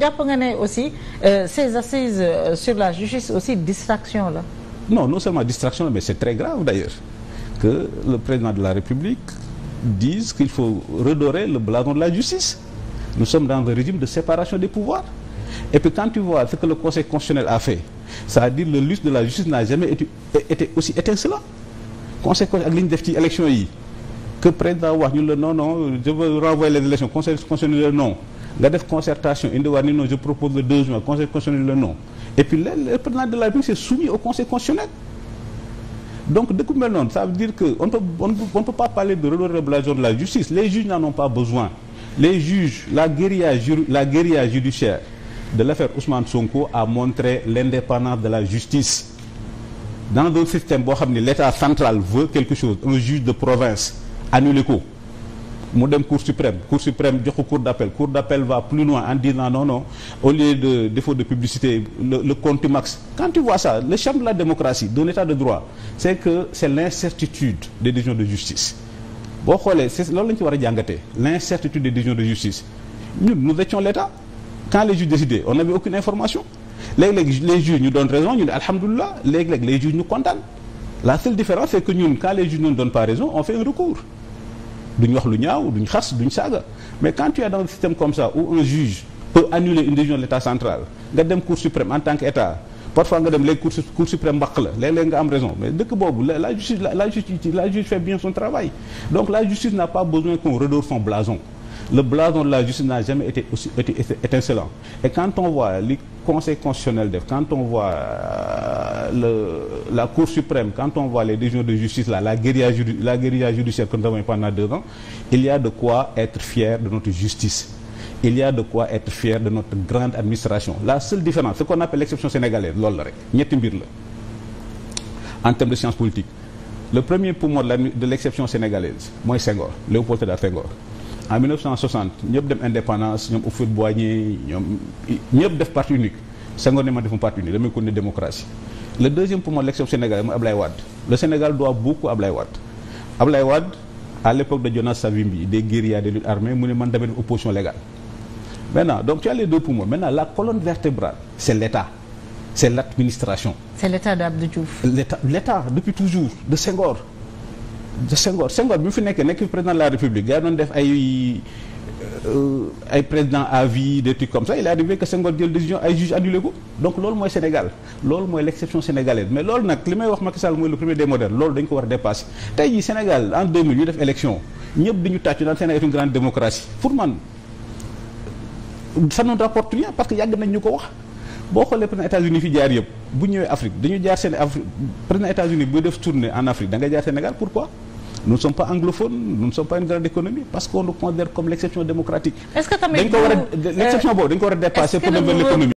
jàpp nga ne aussi euh, ces assises euh, sur la justice aussi distraction la. non non seulement distraction la mais c'est très grave d'ailleurs que le président de la République dise qu'il faut redorer le blason de la justice nous sommes dans un régime de séparation des pouvoirs et puis quand tu vois ce que le Conseil constitutionnel a fait cest dire le luxe de la justice n'a jamais été, été aussi étincelant Conseil ak li ñu def ci élection yi que président wax ñu la non non je veux Conseil constitutionnel non nga def concertation indiwaat ni non je propose le 2 juin conseil constitutionnel le non et puis le président de la République c'est soumis au conseil constitutionnel donc de bu mel noonu ça veut dire que on peut on, on peut pas parler de redéblation de la justice les juges n'en ont pas besoin les juges la guérilla la guérilla judiciaire de l'affaire Ousmane Sonko a montré l'indépendance de la justice dans un système boo xam ne l'État central veut quelque chose un de province annulé ko mu dem cour suprême cour suprême jox ko cour d'appel cour d'appel va plus loin en disant non non au lieu de défaut de publicité le, le contumax quand tu vois ça le charme de la démocratie d'un état de droit c'est que c'est l'incertitude des décisions de justice boo xoolee c'est loolu la ñu ci war a jàngatee l'incertitude des décisions de justice ñun nous étions l'état quand les juges décidaient on n'avait aucune information léeg-léeg les juges ñu du duñ wax lu ñaaw duñ xas duñ saaga mais quand tu es dans un système comme ça où un juge peut annuler une décision de l'État central nga dem Cour suprême en tant qu'État parfois nga dem léegi cour suprême mbaq la léeg-léeg nga am raison mais dëkk boobu la la justice la justice la justice fait bien son travail donc la justice n'a pas besoin qu'on redore son blason le blason de la justice n'a jamais été aussi été étincelant et quand on voit li conseil constitutionnel def quand on voit euh, le la cour suprême quand on voit les décisions de justice là la guérilla la guérilla judiciaire que nous avons pendant deux ans il y a de quoi être fier de notre justice il y a de quoi être fier de notre grande administration la seule différence ce qu'on appelle l'exception sénégalaise loolu la rek ñetti mbir la en termes de science politique le premier poumon de l'exception sénégalaise mooy Senghor Léopold Sédar Senghor en 1960 ñëpp dem indépendance ñoom Houphouët-Boigny ñoom ñëpp def parti unique Senghor ne ma defuma parti unique damay continuer démocratie le deuxième pour moi l'élection sénégalaise mooy Ablaye Wade le Sénégal doit beaucoup Ablaye Wade Ablaye Wade à l'époque de Jonas Savimbi des guérillas des luttes armées mu ne man damay def opposition légale maintenant donc tu as les deux poumons maintenant la colonne vertébrale c'est l'État c'est l'administration c'est l'État d'Abdou Diouf l'État l'État depuis toujours de Senghor Senghor Senghor bi mu fi nekkee nekk président de la République gars yi doon def ay euh, ay président à vie des trucs comme ça il est arrivé que Senghor jël décision ay juge annulé ko donc loolu mooy Sénégal loolu mooy l' exception sénégalaise mais loolu nag li may wax Macky mooy le premier des modernes loolu dañ ko war a dépasser tey jii Sénégal en 2000 ñu def élection ñëpp di ñu tàccu naan Sénégal une grande démocratie pour man ça ne parce que yàgg nañ ñu ko wax boo xoolee président États-Unis fi jaar yëpp bu ñëwee Afrique dañu jaar seen Afrique président États-Unis buy def tournée en Afrique da nga nous ne sommes pas anglophones nous ne sommes pas une grande économie parce qu'on nous considère comme l'exception démocratique. est l'exception euh, boobu dañ ko war a dépasser pour dem l'économie